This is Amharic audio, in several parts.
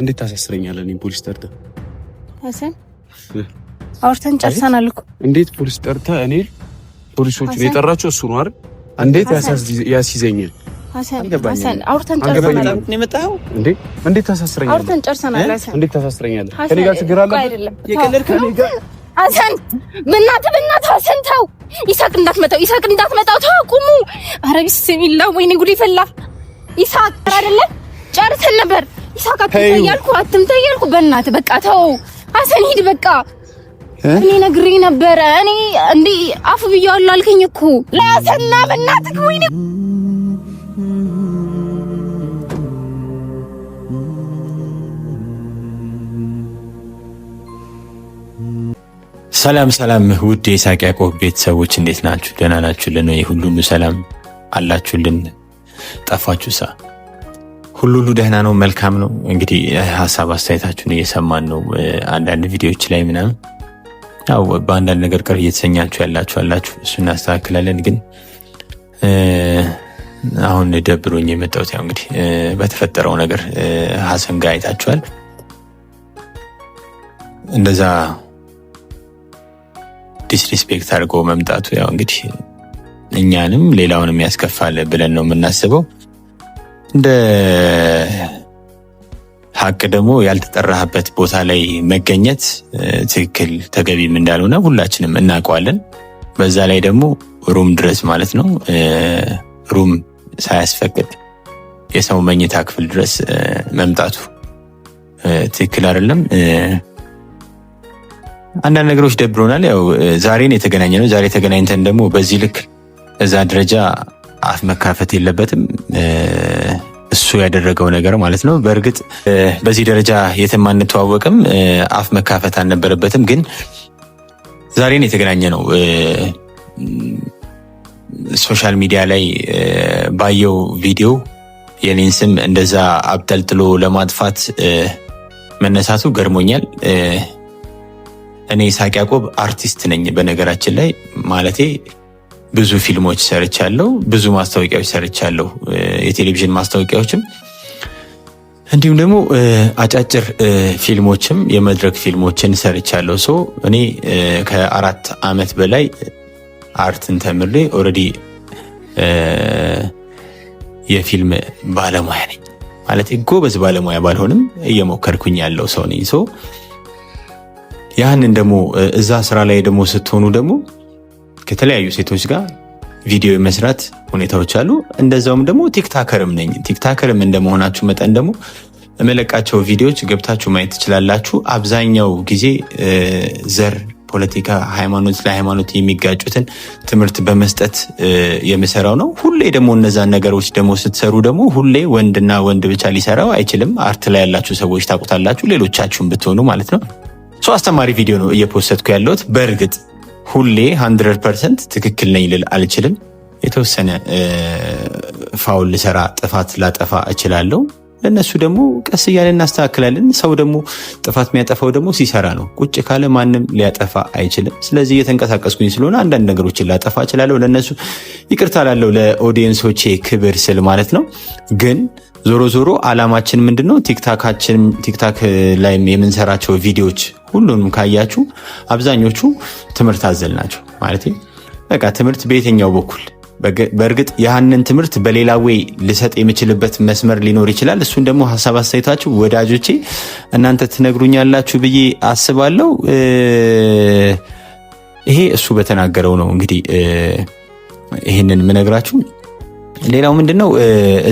እንዴት ታሳስረኛለህ? እኔ ፖሊስ ጠርተህ ሀሰን አውርተን ጨርሰናል እኮ እንዴት ፖሊስ ጠርተህ እኔ ፖሊሶች የጠራቸው እሱ ነው አይደል? እንዴት ያስይዘኛል? ሀሰን አውርተን ጨርሰናል። እንዴት እንዴት ጋር አለ ሀሰን ሀሰን ተው። ይሳቅ እንዳትመጣው፣ ይሳቅ እንዳትመጣው። ቁሙ። አረቢስ ሚላ ወይኔ ጉድ ይፈላ ይሳቅ አይደለ? ጨርሰን ነበር። ይሳቅ አትምታ እያልኩ አትምታ እያልኩ በእናትህ በቃ ተው፣ ሀሰን ሂድ በቃ። እኔ ነግሬ ነበረ። እኔ እንዴ አፉ ብያለሁ አልከኝ እኮ ለሀሰንና በእናትህ ወይኔ ሰላም ሰላም ውድ የይሳቅ ያዕቆብ ቤተሰቦች እንዴት ናችሁ? ደህና ናችሁልን? ሁሉም ሰላም አላችሁልን? ጠፋችሁሳ? ሁሉ ሁሉ ደህና ነው፣ መልካም ነው። እንግዲህ ሀሳብ አስተያየታችሁን እየሰማን ነው። አንዳንድ ቪዲዮዎች ላይ ምናምን ያው በአንዳንድ ነገር ቅር እየተሰኛችሁ ያላችሁ አላችሁ። እሱ እናስተካክላለን። ግን አሁን ደብሮኝ የመጣሁት ያው እንግዲህ በተፈጠረው ነገር ሀሰን ጋር አይታችኋል። እንደዛ ዲስሪስፔክት አድርጎ መምጣቱ ያው እንግዲህ እኛንም ሌላውንም ያስከፋል ብለን ነው የምናስበው። እንደ ሀቅ ደግሞ ያልተጠራህበት ቦታ ላይ መገኘት ትክክል ተገቢም እንዳልሆነ ሁላችንም እናውቀዋለን። በዛ ላይ ደግሞ ሩም ድረስ ማለት ነው ሩም ሳያስፈቅድ የሰው መኝታ ክፍል ድረስ መምጣቱ ትክክል አይደለም። አንዳንድ ነገሮች ደብሮናል። ያው ዛሬን የተገናኘ ነው። ዛሬ ተገናኝተን ደግሞ በዚህ ልክ እዛ ደረጃ አፍ መካፈት የለበትም። እሱ ያደረገው ነገር ማለት ነው። በእርግጥ በዚህ ደረጃ የትም አንተዋወቅም፣ አፍ መካፈት አልነበረበትም። ግን ዛሬን የተገናኘ ነው ሶሻል ሚዲያ ላይ ባየው ቪዲዮ የኔን ስም እንደዛ አብጠልጥሎ ለማጥፋት መነሳቱ ገርሞኛል። እኔ ይስሐቅ ያዕቆብ አርቲስት ነኝ። በነገራችን ላይ ማለቴ ብዙ ፊልሞች ሰርቻለሁ፣ ብዙ ማስታወቂያዎች ሰርቻለሁ፣ የቴሌቪዥን ማስታወቂያዎችም እንዲሁም ደግሞ አጫጭር ፊልሞችም የመድረክ ፊልሞችን ሰርቻለሁ። ሶ እኔ ከአራት ዓመት በላይ አርትን ተምሬ ኦልሬዲ የፊልም ባለሙያ ነኝ ማለት ጎበዝ ባለሙያ ባልሆንም እየሞከርኩኝ ያለው ሰው ነኝ። ሶ ያህንን ደግሞ እዛ ስራ ላይ ደግሞ ስትሆኑ ደግሞ ከተለያዩ ሴቶች ጋር ቪዲዮ የመስራት ሁኔታዎች አሉ። እንደዛውም ደግሞ ቲክታከርም ነኝ። ቲክታከርም እንደመሆናችሁ መጠን ደግሞ የመለቃቸው ቪዲዮዎች ገብታችሁ ማየት ትችላላችሁ። አብዛኛው ጊዜ ዘር፣ ፖለቲካ፣ ሃይማኖት ለሃይማኖት የሚጋጩትን ትምህርት በመስጠት የምሰራው ነው። ሁሌ ደግሞ እነዛን ነገሮች ደግሞ ስትሰሩ ደግሞ ሁሌ ወንድና ወንድ ብቻ ሊሰራው አይችልም። አርት ላይ ያላችሁ ሰዎች ታውቁታላችሁ፣ ሌሎቻችሁም ብትሆኑ ማለት ነው። ሰው አስተማሪ ቪዲዮ ነው እየፖሰትኩ ያለሁት በእርግጥ ሁሌ ሀንድረድ ፐርሰንት ትክክል ነኝ ልል አልችልም። የተወሰነ ፋውል ልሰራ፣ ጥፋት ላጠፋ እችላለሁ። ለእነሱ ደግሞ ቀስ እያለ እናስተካክላለን። ሰው ደግሞ ጥፋት የሚያጠፋው ደግሞ ሲሰራ ነው። ቁጭ ካለ ማንም ሊያጠፋ አይችልም። ስለዚህ እየተንቀሳቀስኩኝ ስለሆነ አንዳንድ ነገሮችን ላጠፋ እችላለሁ። ለእነሱ ይቅርታ ላለው ለኦዲየንሶቼ ክብር ስል ማለት ነው። ግን ዞሮ ዞሮ አላማችን ምንድነው ነው? ቲክታክ ላይ የምንሰራቸው ቪዲዮዎች ሁሉንም ካያችሁ አብዛኞቹ ትምህርት አዘል ናቸው። ማለት በቃ ትምህርት በየትኛው በኩል በእርግጥ ያህንን ትምህርት በሌላ ወይ ልሰጥ የምችልበት መስመር ሊኖር ይችላል። እሱን ደግሞ ሀሳብ አስተያየታችሁ ወዳጆቼ እናንተ ትነግሩኛላችሁ ብዬ አስባለሁ። ይሄ እሱ በተናገረው ነው እንግዲህ ይህንን የምነግራችሁ። ሌላው ምንድን ነው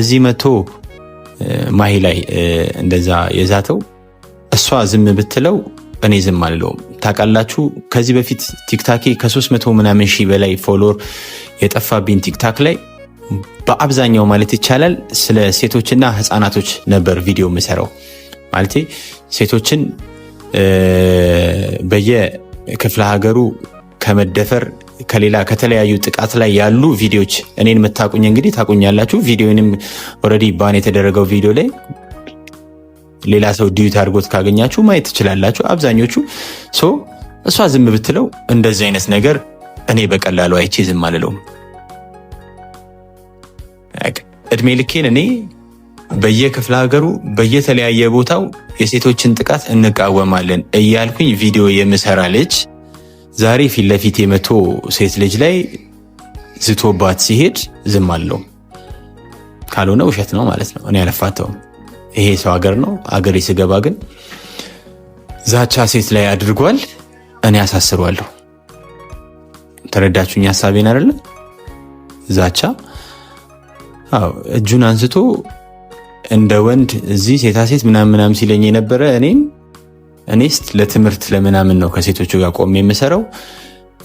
እዚህ መቶ ማሂ ላይ እንደዛ የዛተው እሷ ዝም ብትለው እኔ ዝም አልለውም። ታውቃላችሁ ከዚህ በፊት ቲክታኬ ከ300 ምናምን ሺህ በላይ ፎሎወር የጠፋብኝ ቲክታክ ላይ በአብዛኛው ማለት ይቻላል ስለ ሴቶችና ህፃናቶች ነበር ቪዲዮ የምሰራው። ማለት ሴቶችን በየክፍለ ሀገሩ ከመደፈር ከሌላ ከተለያዩ ጥቃት ላይ ያሉ ቪዲዮዎች እኔን የምታቁኝ እንግዲህ ታቁኛላችሁ። ቪዲዮንም ኦልሬዲ ባን የተደረገው ቪዲዮ ላይ ሌላ ሰው ዲዩት አድርጎት ካገኛችሁ ማየት ትችላላችሁ። አብዛኞቹ ሶ እሷ ዝም ብትለው እንደዚህ አይነት ነገር እኔ በቀላሉ አይቼ ዝም አልለውም። እድሜ ልኬን እኔ በየክፍለ ሀገሩ በየተለያየ ቦታው የሴቶችን ጥቃት እንቃወማለን እያልኩኝ ቪዲዮ የምሰራ ልጅ ዛሬ ፊት ለፊት የመቶ ሴት ልጅ ላይ ዝቶባት ሲሄድ ዝም አለው። ካልሆነ ውሸት ነው ማለት ነው። እኔ አልፋተውም። ይሄ ሰው ሀገር ነው፣ አገሬ ስገባ ግን ዛቻ ሴት ላይ አድርጓል፣ እኔ አሳስሯለሁ። ተረዳችሁኝ ሀሳቤን አይደለ? ዛቻ እጁን አንስቶ እንደ ወንድ እዚህ ሴታ ሴት ምናምን ምናምን ሲለኝ የነበረ እኔም እኔስ ለትምህርት ለምናምን ነው ከሴቶቹ ጋር ቆሜ የምሰራው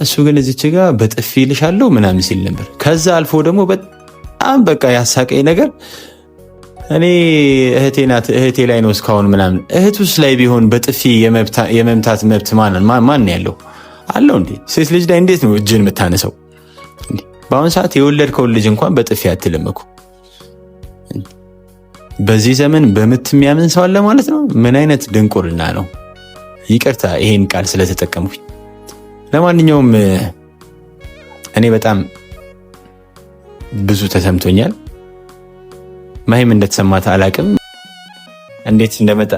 እሱ ግን እዚች ጋ በጥፊ ይልሻለሁ ምናምን ሲል ነበር። ከዛ አልፎ ደግሞ በጣም በቃ ያሳቀኝ ነገር እኔ እህቴ ናት እህቴ ላይ ነው እስካሁን ምናምን እህቱስ ላይ ቢሆን በጥፊ የመምታት መብት ማን ያለው አለው እንዴ? ሴት ልጅ ላይ እንዴት ነው እጅን የምታነሰው? በአሁን ሰዓት የወለድከውን ልጅ እንኳን በጥፊ አትልም እኮ። በዚህ ዘመን በምት የሚያምን ሰው አለ ማለት ነው። ምን አይነት ድንቁርና ነው? ይቅርታ ይሄን ቃል ስለተጠቀምኩኝ። ለማንኛውም እኔ በጣም ብዙ ተሰምቶኛል። መሄም እንደተሰማት አላቅም። እንዴት እንደመጣ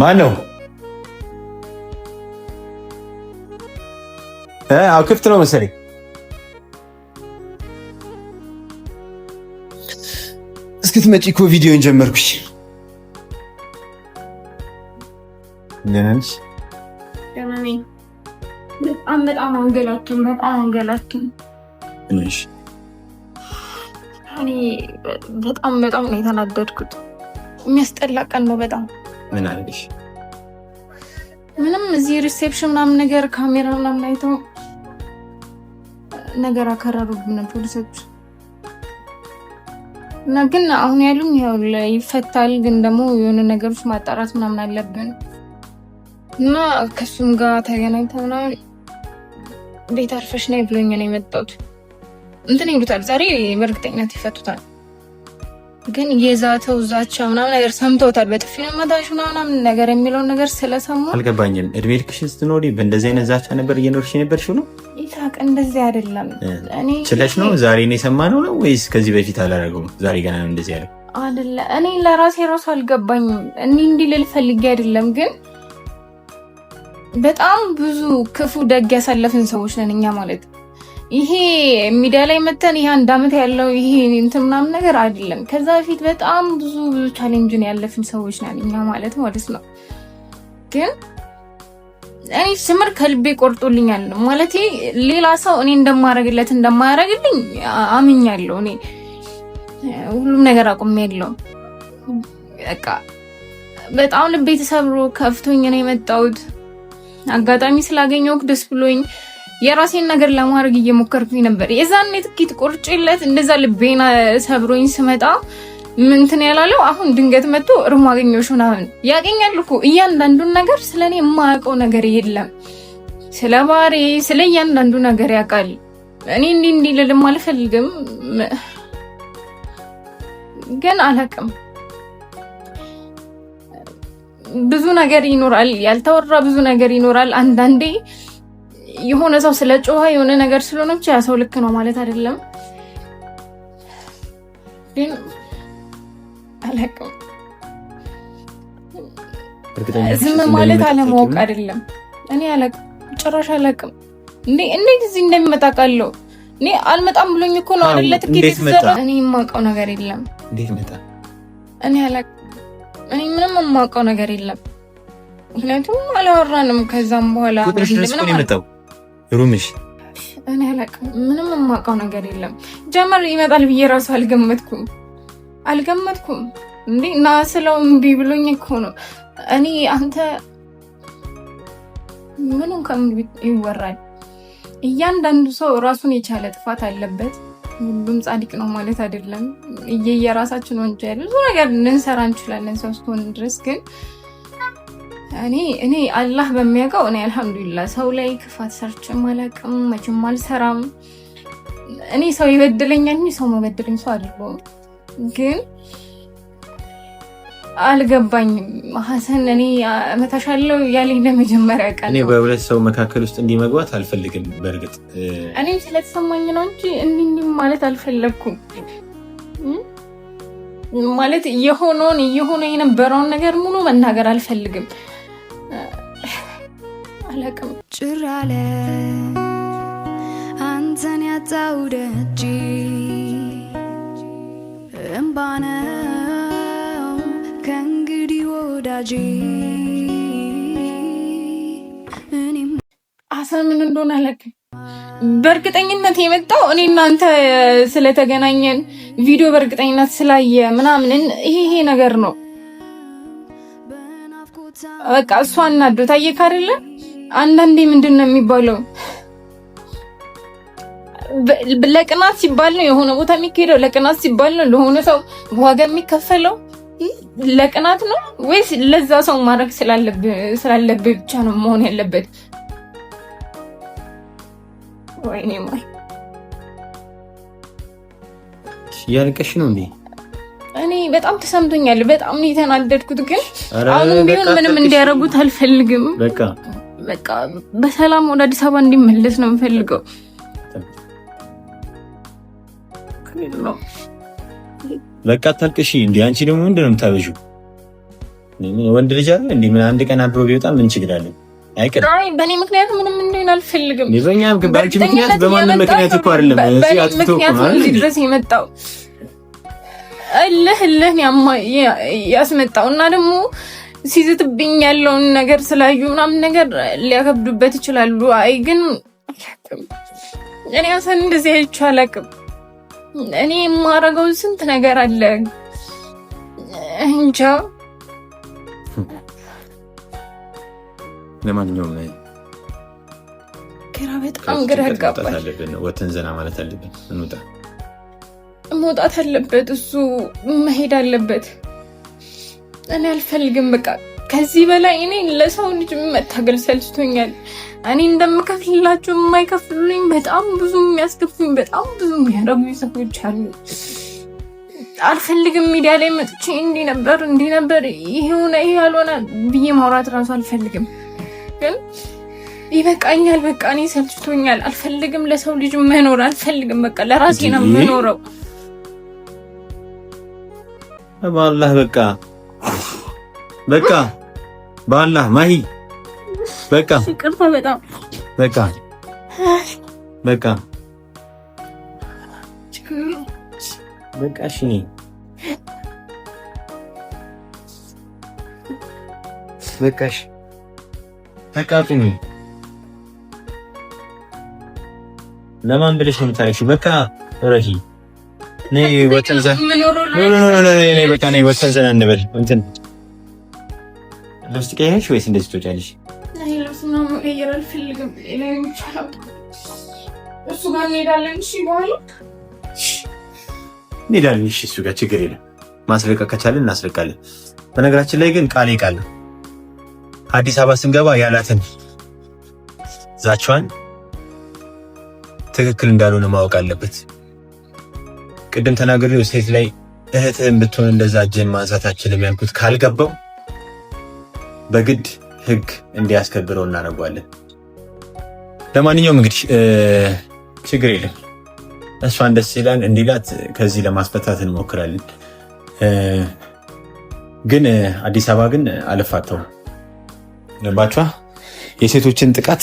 ማን ነው? አዎ ክፍት ነው መሰለኝ። እስክትመጪ እኮ ቪዲዮን ጀመርኩሽ። ደህና ነሽ? በጣም በጣም አንገላቱን፣ በጣም አንገላቱን። እኔ በጣም በጣም ነው የተናደድኩት። የሚያስጠላ ቀን ነው በጣም ምን አለሽ? ምንም እዚህ ሪሴፕሽን ምናምን ነገር ካሜራ ምናምን አይተው ነገር አከረሩብን ፖሊሶች እና ግን አሁን ያሉም ያው ይፈታል፣ ግን ደግሞ የሆነ ነገሮች ማጣራት ምናምን አለብን እና ከሱም ጋር ተገናኝተ ምናምን ቤት አርፈሽ ነይ ብሎኝ ነው የመጣሁት። እንትን ይሉታል። ዛሬ በእርግጠኝነት ይፈቱታል። ግን የዛተው ዛቻ ምናምን ነገር ሰምተውታል። በጥፊ ነው መታሽ ምናምን ነገር የሚለውን ነገር ስለሰሙ አልገባኝም። እድሜ ልክሽን ስትኖሪ በእንደዚህ አይነት ዛቻ ነበር እየኖርሽ የነበርሽው ነው? ይሳቅ እንደዚህ አይደለም። ችለሽ ነው ዛሬ ነው የሰማነው ነው ወይስ ከዚህ በፊት አላደረገውም? ዛሬ ገና ነው እንደዚህ ያለው አይደለ? እኔ ለራሴ ራሱ አልገባኝም። እኔ እንዲህ ልል ፈልጌ አይደለም፣ ግን በጣም ብዙ ክፉ ደግ ያሳለፍን ሰዎች ነን እኛ ማለት ይሄ ሚዲያ ላይ መተን ይሄ አንድ አመት ያለው ይሄ እንትን ምናምን ነገር አይደለም። ከዛ በፊት በጣም ብዙ ብዙ ቻሌንጅን ያለፍን ሰዎች ነን እኛ ማለት ማለት ነው። ግን እኔ ስምር ከልቤ ቆርጦልኛል ማለት ሌላ ሰው እኔ እንደማረግለት እንደማያረግልኝ አምኛለሁ። እኔ ሁሉም ነገር አቁሜያለሁ። በቃ በጣም ልቤ ተሰብሮ ከፍቶኝ ነው የመጣሁት። አጋጣሚ ስላገኘሁ ደስ ብሎኝ የራሴን ነገር ለማድረግ እየሞከርኩኝ ነበር። የዛኔ ትኬት ቁርጭለት እንደዛ ልቤና ሰብሮኝ ስመጣ ምንትን ያላለው አሁን ድንገት መጥቶ እርሙ አገኘሁሽ ምናምን ያገኛል እኮ እያንዳንዱን ነገር ስለ እኔ የማያውቀው ነገር የለም። ስለ ባሬ ስለ እያንዳንዱ ነገር ያውቃል። እኔ እንዲህ እንዲህ ልልም አልፈልግም፣ ግን አላውቅም ብዙ ነገር ይኖራል፣ ያልተወራ ብዙ ነገር ይኖራል አንዳንዴ የሆነ ሰው ስለ ጮኸ የሆነ ነገር ስለሆነ ብቻ ያ ሰው ልክ ነው ማለት አይደለም። ግን አላውቅም፣ ዝም ማለት አለማወቅ አይደለም። እኔ አላውቅም፣ ጭራሽ አላውቅም። እንዴት እዚህ እንደሚመጣ ቃለው እኔ አልመጣም ብሎኝ እኮ ነው አይደለ? ትኬት የተዘራ እኔ የማውቀው ነገር የለም። እንዴት መጣ? እኔ አላውቅም። እኔ ምንም የማውቀው ነገር የለም። ምክንያቱም አላወራንም ከዛም በኋላ ምንም ሩምሽ እኔ አላውቅም። ምንም የማውቀው ነገር የለም። ጀመር ይመጣል ብዬ ራሱ አልገመትኩም አልገመትኩም። እንዴ ና ስለው እምቢ ብሎኝ እኮ ነው። እኔ አንተ ምኑን ከምን ይወራል? እያንዳንዱ ሰው ራሱን የቻለ ጥፋት አለበት። ሁሉም ጻድቅ ነው ማለት አይደለም። እየየራሳችን ወንጀል ብዙ ነገር ልንሰራ እንችላለን ሰው እስከሆን ድረስ ግን እኔ እኔ አላህ በሚያውቀው እኔ አልሐምዱሊላህ ሰው ላይ ክፋት ሰርችም አላውቅም፣ መቼም አልሰራም። እኔ ሰው ይበድለኛል እንጂ ሰው መበደለኝ ሰው አይደለሁም። ግን አልገባኝም። ሀሰን እኔ እመታሻለሁ ያለኝ ለመጀመሪያ ቀን እኔ በሁለት ሰው መካከል ውስጥ እንዲህ መግባት አልፈልግም። በእርግጥ እኔም ስለተሰማኝ ነው እንጂ እንዲህ ማለት አልፈለግኩም። ማለት የሆነውን እየሆነ የነበረውን ነገር ሙሉ መናገር አልፈልግም። አላቅም ጭር አለ አንተን ያጣው ደጅ እምባነው ከእንግዲህ ወዳጅ አሳ ምን እንደሆነ አላቅም። በእርግጠኝነት የመጣው እኔ እናንተ ስለተገናኘን ቪዲዮ በእርግጠኝነት ስላየ ምናምንን ይሄ ይሄ ነገር ነው። በቃ እሷ እናዶት አየክ አይደለም አንዳንዴ ምንድን ነው የሚባለው ለቅናት ሲባል ነው የሆነ ቦታ የሚካሄደው። ለቅናት ሲባል ነው ለሆነ ሰው ዋጋ የሚከፈለው። ለቅናት ነው ወይስ ለዛ ሰው ማድረግ ስላለብህ ብቻ ነው መሆን ያለበት? ወይኔ ማይ ያልቀሽ ነው እንዴ? እኔ በጣም ተሰምቶኛል። በጣም ነው የተናደድኩት፣ ግን አሁን ቢሆን ምንም እንዲያረጉት አልፈልግም። በቃ በቃ በሰላም ወደ አዲስ አበባ እንዲመለስ ነው የምፈልገው። በቃ አታልቅሺ። እንዲ አንቺ ደግሞ ምንድን ነው የምታበዥው? ወንድ ልጅ አለ እንዲ ምን አንድ ቀን አብሮ ቢወጣ ምን ችግር አለ? በእኔ ምክንያት ምንም እንዲሆን አልፈልግም። በእኛም ግን በአንቺ ምክንያት በማንም ምክንያት እኮ አይደለም እዚህ ድረስ የመጣው እልህ እልህ ያስመጣው እና ደግሞ ሲዝትብኝ ያለውን ነገር ስላዩ ምናምን ነገር ሊያከብዱበት ይችላሉ። አይ ግን እኔ ሰን እንደዚህ አይቼ አላውቅም። እኔ የማረገው ስንት ነገር አለ እንጃ። ለማንኛውም ላይ ግራ በጣም ግራ ጋባል። ወተን ዘና ማለት አለብን። እንውጣ፣ መውጣት አለበት እሱ መሄድ አለበት። እኔ አልፈልግም። በቃ ከዚህ በላይ እኔ ለሰው ልጅ መታገል ሰልችቶኛል። እኔ እንደምከፍልላቸው የማይከፍሉኝ በጣም ብዙ የሚያስገፉኝ በጣም ብዙ የሚያረጉ ሰዎች አሉ። አልፈልግም። ሚዲያ ላይ መጥቼ እንዲህ ነበር እንዲህ ነበር ይሄ ሆነ ይሄ ያልሆነ ብዬ ማውራት እራሱ አልፈልግም። ግን ይበቃኛል። በቃ እኔ ሰልችቶኛል። አልፈልግም። ለሰው ልጅ መኖር አልፈልግም። በቃ ለራሴ ነው የምኖረው። በአላህ በቃ በቃ ባላ ማሂ በቃ ይቅርታ፣ በጣም በቃ በቃ በቃ። እሺ በቃ እሺ ለማን ብለሽ ነው የምታለቅሺው? በቃ እረፊ። ነይ ወተን ዘና እንበል እንትን ልብስ ትቀይራለሽ ወይስ እንደዚህ ትወጫለሽ? ልብስ እሱ ጋር እንሄዳለን። እሺ እሱ ጋር ችግር የለም። ማስለቀቅ ከቻለን እናስለቃለን። በነገራችን ላይ ግን ቃል ቃል አዲስ አበባ ስንገባ ያላትን ዛቻዋን ትክክል እንዳልሆነ ማወቅ አለበት። ቅድም ተናግሬው ሴት ላይ እህትህን ብትሆን እንደዛ እጅን ማንሳት አችልም ያልኩት ካልገባው በግድ ህግ እንዲያስከብረው እናደርጓለን። ለማንኛውም እንግዲህ ችግር የለም። እሷን ደስ ይላል እንዲላት ከዚህ ለማስፈታት እንሞክራለን። ግን አዲስ አበባ ግን አልፋተው ገባችኋ? የሴቶችን ጥቃት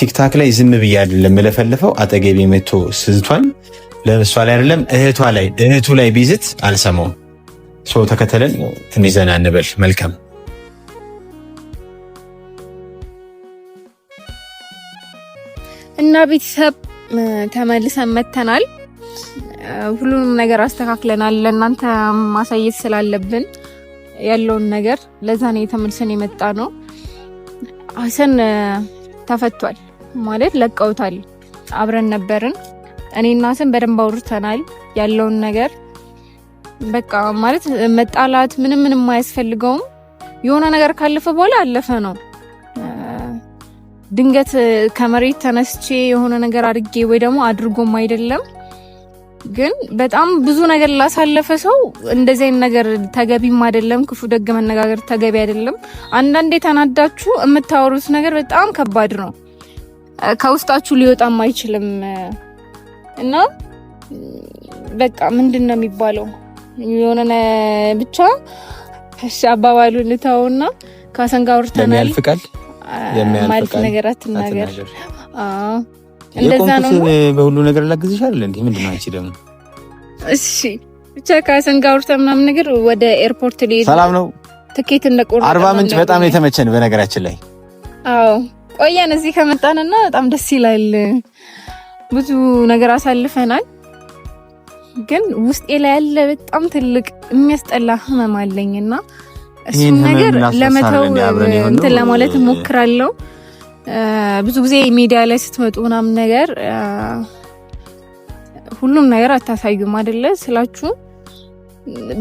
ቲክታክ ላይ ዝም ብዬ አይደለም የምለፈለፈው። አጠገቤ መቶ ስዝቷን ለእሷ ላይ አይደለም እህቷ ላይ እህቱ ላይ ቢዝት አልሰማውም። ሰው ተከተለን ትንሽ ዘና እንበል። መልካም እና ቤተሰብ ተመልሰን መተናል። ሁሉንም ነገር አስተካክለናል። ለእናንተ ማሳየት ስላለብን ያለውን ነገር ለዛ ነው የተመልሰን የመጣ ነው። ሀሰን ተፈቷል ማለት ለቀውታል። አብረን ነበርን። እኔና ሀሰን በደንብ አውርተናል ያለውን ነገር በቃ ማለት መጣላት ምንም ምንም አያስፈልገውም። የሆነ ነገር ካለፈ በኋላ አለፈ ነው። ድንገት ከመሬት ተነስቼ የሆነ ነገር አድርጌ ወይ ደግሞ አድርጎም አይደለም ግን በጣም ብዙ ነገር ላሳለፈ ሰው እንደዚህ አይነት ነገር ተገቢም አይደለም። ክፉ ደግ መነጋገር ተገቢ አይደለም። አንዳንዴ ተናዳችሁ የምታወሩት ነገር በጣም ከባድ ነው፣ ከውስጣችሁ ሊወጣም አይችልም እና በቃ ምንድን ነው የሚባለው የሆነ ብቻ እሺ አባባሉ ልተውና ካሰንጋ አውርተናል። የሚያልፍቃል ማለት ነገር አትናገር። እንደዛ ነው። በሁሉ ነገር ላግዝሻለሁ። እንዴ ምንድን ነው አንቺ ደግሞ? እሺ ብቻ ጋር አውርተን ምናምን ነገር ወደ ኤርፖርት ልሄድ ሰላም ነው። ትኬት እንደቆረጠ አርባ ምንጭ በጣም ነው የተመቸን። በነገራችን ላይ አዎ ቆየን እዚህ ከመጣንና በጣም ደስ ይላል። ብዙ ነገር አሳልፈናል። ግን ውስጤ ላይ ያለ በጣም ትልቅ የሚያስጠላ ህመም አለኝና እሱን ነገር ለመተው እንትን ለማለት እሞክራለሁ። ብዙ ጊዜ ሚዲያ ላይ ስትመጡ ምናምን ነገር ሁሉም ነገር አታሳዩም አይደለ ስላችሁ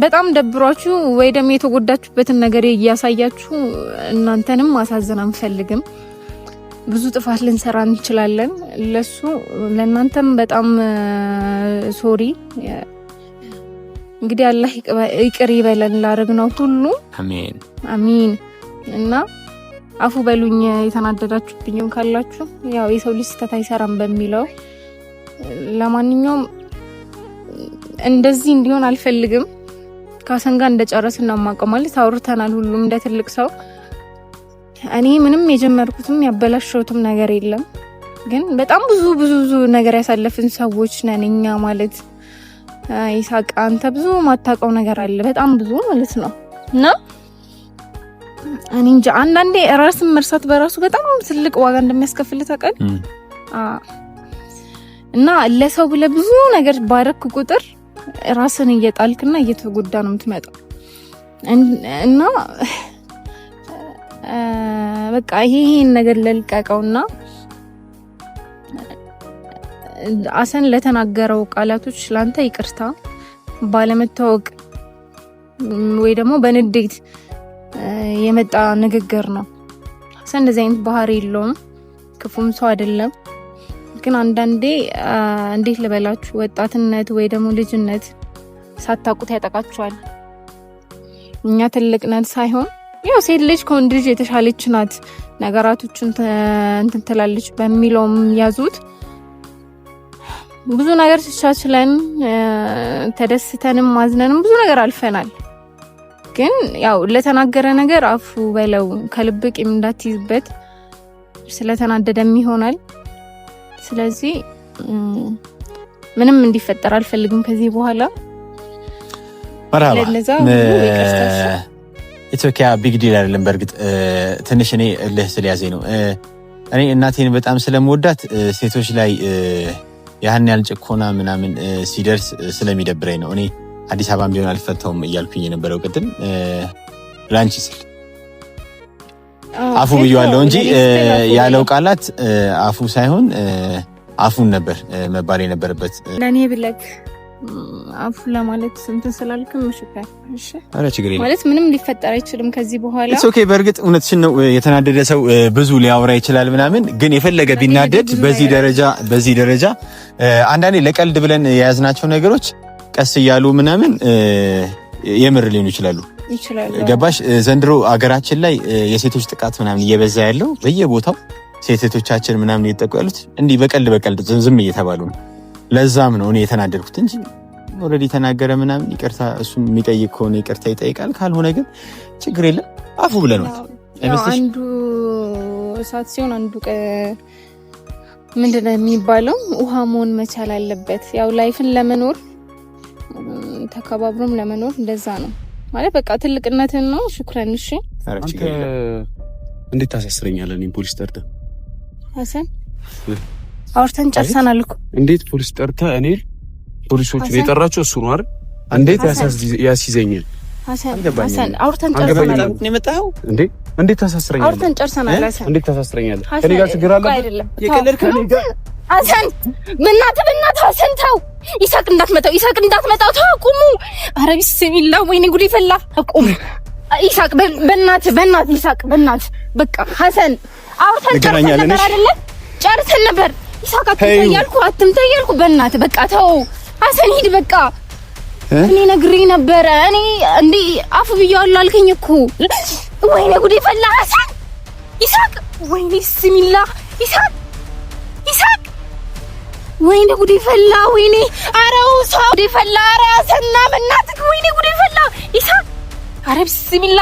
በጣም ደብሯችሁ ወይ ደግሞ የተጎዳችሁበትን ነገር እያሳያችሁ እናንተንም ማሳዘን አንፈልግም። ብዙ ጥፋት ልንሰራ እንችላለን። ለሱ ለእናንተም በጣም ሶሪ። እንግዲህ አላህ ይቅር ይበለን ነው ሁሉ አሚን አሚን። እና አፉ በሉኝ የተናደዳችሁብኝም ካላችሁ ያው የሰው ልጅ ስህተት አይሰራም በሚለው ለማንኛውም እንደዚህ እንዲሆን አልፈልግም። ካሰንጋ እንደጨረስ እናማቀው ማለት አውርተናል። ሁሉም እንደ ትልቅ ሰው እኔ ምንም የጀመርኩትም ያበላሸሁትም ነገር የለም። ግን በጣም ብዙ ብዙ ብዙ ነገር ያሳለፍን ሰዎች ነን እኛ ማለት ይሳቅ፣ አንተ ብዙ ማታውቀው ነገር አለ በጣም ብዙ ማለት ነው። እና እኔ እንጃ አንዳንዴ ራስን መርሳት በራሱ በጣም ትልቅ ዋጋ እንደሚያስከፍል ታውቃለህ። እና ለሰው ብለህ ብዙ ነገር ባረክ ቁጥር ራስን እየጣልክና እየተጎዳ ነው የምትመጣው እና በቃ ይሄ ይሄን ነገር ለልቀቀውና አሰን ለተናገረው ቃላቶች ላንተ ይቅርታ ባለመታወቅ ወይ ደግሞ በንዴት የመጣ ንግግር ነው። አሰን እንደዚህ አይነት ባህሪ የለውም፣ ክፉም ሰው አይደለም። ግን አንዳንዴ እንዴት ልበላችሁ ወጣትነት ወይ ደግሞ ልጅነት ሳታውቁት ያጠቃችኋል። እኛ ትልቅ ነን ሳይሆን ያው ሴት ልጅ ከወንድ ልጅ የተሻለች ናት፣ ነገራቶችን እንትን ትላለች በሚለውም ያዙት። ብዙ ነገር ሲቻችለን ተደስተንም ማዝነንም ብዙ ነገር አልፈናል። ግን ያው ለተናገረ ነገር አፉ በለው ከልብ ቂም እንዳትይዝበት ስለተናደደም ይሆናል። ስለዚህ ምንም እንዲፈጠር አልፈልግም ከዚህ በኋላ ለነዛ ኢትዮጵያ ቢግ ዲል አይደለም። በእርግጥ ትንሽ እኔ እልህ ስለያዘኝ ነው። እኔ እናቴን በጣም ስለምወዳት ሴቶች ላይ ያህን ያህል ጭኮና ምናምን ሲደርስ ስለሚደብረኝ ነው። እኔ አዲስ አበባም ቢሆን አልፈተውም እያልኩኝ የነበረው ቅድም ላንቺ ስል አፉ ብዬዋለሁ እንጂ ያለው ቃላት አፉ ሳይሆን አፉን ነበር መባል የነበረበት ለእኔ ብለክ አፉ ለማለት እንትን ስላልክም ኧረ ችግር ማለት ምንም ሊፈጠር አይችልም ከዚህ በኋላ ኢትስ ኦኬ። በእርግጥ እውነትሽን ነው። የተናደደ ሰው ብዙ ሊያወራ ይችላል ምናምን፣ ግን የፈለገ ቢናደድ በዚህ ደረጃ በዚህ ደረጃ አንዳንዴ ለቀልድ ብለን የያዝናቸው ነገሮች ቀስ እያሉ ምናምን የምር ሊሆኑ ይችላሉ። ገባሽ? ዘንድሮ አገራችን ላይ የሴቶች ጥቃት ምናምን እየበዛ ያለው በየቦታው ሴቶቻችን ምናምን እየጠቁ ያሉት እንዲህ በቀልድ በቀልድ ዝም እየተባሉ ነው ለዛም ነው እኔ የተናደድኩት እንጂ ኦልሬዲ ተናገረ ምናምን ይቅርታ፣ እሱም የሚጠይቅ ከሆነ ይቅርታ ይጠይቃል። ካልሆነ ግን ችግር የለም አፉ ብለናል። አንዱ እሳት ሲሆን አንዱ ምንድነው የሚባለው ውሃ መሆን መቻል አለበት። ያው ላይፍን ለመኖር ተከባብሮም ለመኖር እንደዛ ነው ማለት በቃ ትልቅነትን ነው። ሽኩረን እሺ፣ እንዴት ታሳስረኛለን ፖሊስ ጠርተ ሀሰን አውርተን ጨርሰናል እኮ። እንዴት ፖሊስ ጠርታ እኔ ፖሊሶቹን የጠራቸው እሱ ነው አይደል? እንዴት ያስይዘኛል? እንዴት ታሳስረኛለህ? አውርተን ጨርሰናል። እንዴት ታሳስረኛለህ? ሀሰን በእናትህ በእናትህ ሀሰን ተው። ይሳቅ እንዳትመጣው፣ ይሳቅ እንዳትመጣው። ተው አቁሙ። ኧረ ቢስሚላ ወይኔ ጉድ ይፈላ። አቁሙ። ይሳቅ ይሳቅ በቃ ሀሰን አውርተን ጨርሰን ነበር አይደለ? ጨርሰን ነበር ይሳቅ አትምታ እያልኩ አትምታ እያልኩ በእናትህ በቃ ተው፣ ሀሰን ሂድ በቃ። እኔ ነግሬ ነበረ። እኔ እንዴ አፍ ብያለሁ አልከኝ እኮ። ወይኔ ጉዴ ፈላ። ሀሰን ይሳቅ፣ ወይኔ ስሚላ ይሳቅ፣ ይሳቅ፣ ወይኔ ጉዴ ፈላ። ወይኔ አረው ሰው ጉዴ ፈላ። አረ ሀሰን በእናትህ፣ ወይኔ ጉዴ ፈላ። ይሳቅ፣ አረ ብስሚላ